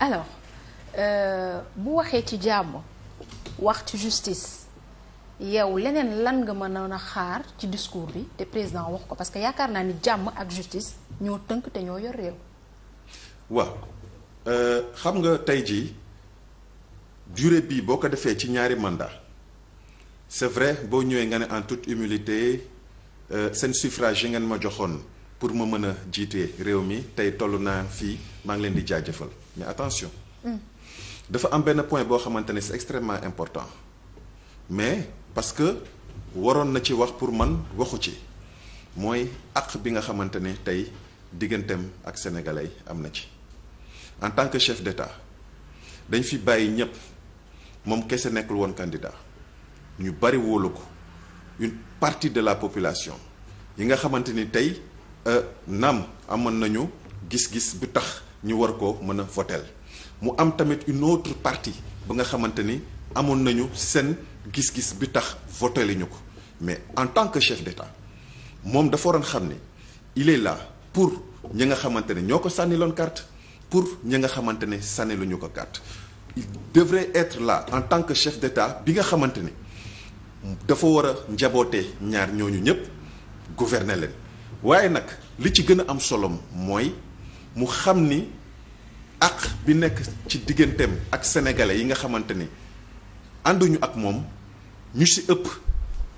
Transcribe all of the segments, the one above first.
alors euh, bu waxee ci jàmm wax ci justice yow leneen lan nga mën a xaar ci discours bi te président wax ko parce que yaakaar naa ni jàmm ak justice ñoo tënk te ñoo yor réew. waaw euh, xam nga tey jii durée bii boo ko defee ci ñaari mandat c'est vrai boo ñëwee nga ne en toute humilité euh, seen suffrage yi ngeen ma joxoon. pour ma mën a jiite réew mi tey toll naa fii maa ngi leen di jaajëfal mais attention. Mm. dafa am benn point boo xamante ne c'est important mais parce que waroon na ci wax pour man waxu ci mooy àq bi nga xamante ne tey digganteem ak sénégalais am na ci en tant que chef d'État dañ fi bàyyi ñëpp moom kese nekkul woon candidat ñu bari wóolu ko une partie de la population yi nga xamante tey. Euh, naam amoon nañu gis-gis bu tax ñu war ko mën a voteel mu am tamit une autre partie ba nga xamante ni amoon nañu seen gis-gis bi tax voteel ñu ko mais en tant que chef d'État moom dafa waroon xam ne il est pour ñi nga xamante ne ñoo ko sànniloon carte pour ñi nga xamante ne sànniluñu ko carte il devrait être là en tant que chef d'État bi nga xamante ni dafa war a njaboote ñaar ñooñu ñëpp gouverner leen waaye nag li ci gën a am solo mooy mu xam ni àq bi nekk ci digganteem ak sénégalais yi nga xamante ni ànduñu ak moom ñu si ëpp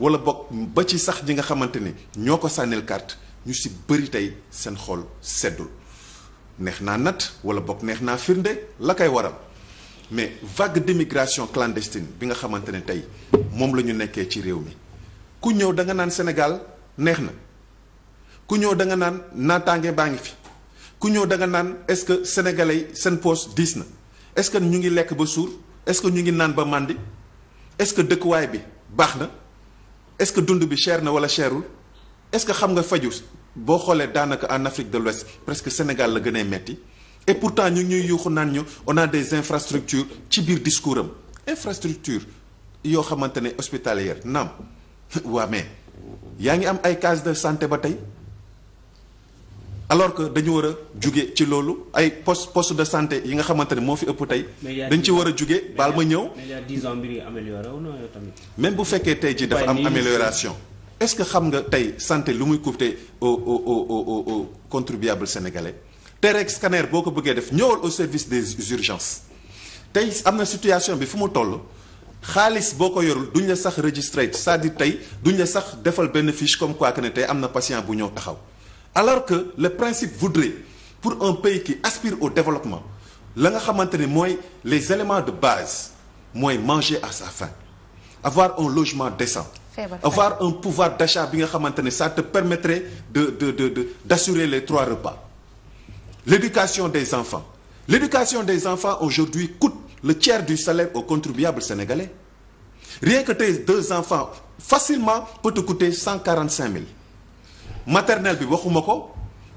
wala bokk ba ci sax ñi nga xamante ni ñoo ko sànnil carte ñu si bëri tey seen xool seddul neex naa nat wala bokk neex naa firnde la koy waral mais vague d'immigration clandestine bi nga xamante ne tey moom la ñu nekkee ci réew mi ku ñëw da nga naan Sénégal neex na ku ñëw da nga naan naataange baa ngi fi ku ñëw da nga naan est-ce que sénégalais yi seen poche diis na est-ce que ñu ngi lekk ba suur est-ce que ñu ngi naan ba màndi est-ce que dëkkuwaay bi baax na est-ce que dund bi cher na wala cherul est-ce que xam nga faju boo xoolee daanaka en Afrique de l'Ouest presque Sénégal la gënee metti et pourtant ñu ngi ñuy yuuxu naan ñu on a des infrastructures ci biir discours am infrastructure yoo xamante ne hospitalière naam waa mais yaa ngi am ay cases de santé ba tey alors que dañu war a juge ci loolu ay poste poste de santé yi nga xamante ne moo fi ëpp tey. dañu ci war a juge baal ma ñëw. même bu fekkee tey ji dafa am amélioration. est-ce que xam nga tey santé lu muy coûter au contribuable sénégalais te rek scanner boo ko bëggee def ñëwal au service des urgences tey am na situation bi fu mu toll. xaalis boo ko yorul duñ la sax registré cest à tey duñ la sax defal benn fiche comme quoi que ne tey am na patient bu ñëw taxaw. alors que le principe voudrait pour un pays qui aspire au développement la nga xamante ne mooy les éléments de base mooy manger à sa faim avoir un logement décent avoir un pouvoir d'achat bi nga xamante ne ça te permettrait de de de de d'assurer les trois repas l'éducation des enfants l'éducation des enfants aujourd'hui coûte le tiers du salaire aux contribuable sénégalais rien que tes deux enfants facilement peut te coûter cent quarante-cinq mille maternelle bi waxuma ko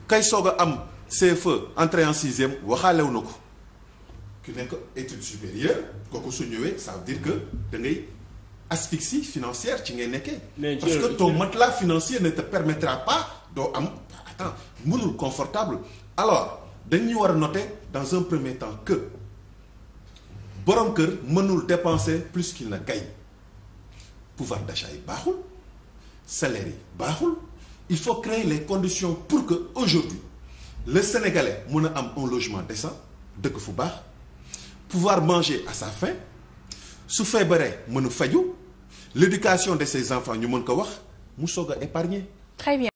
kay soog a am CFE entrée en sixième waxaalew na ko ki nekk étude supérieure kooku su ñëwee ça veut dire que da ngay asphyxie financière ci ngay nekkee parce que ton la financier ne te permettra pas doo am mënul confortable alors dañuy war a noter dans un premier temps que borom kër mënul dépenser plus qu'il ne gagne pouvoir d'achat yi baaxul salaire yi baaxul il faut créer les conditions pour que aujourd'hui le sénégalais mun a am un logement décent dëkk fu baax pouvoir manger à sa faim su feebaree mën a faju l'éducation de ses enfants ñu mën ko wax mu soog a épargner. Très bien.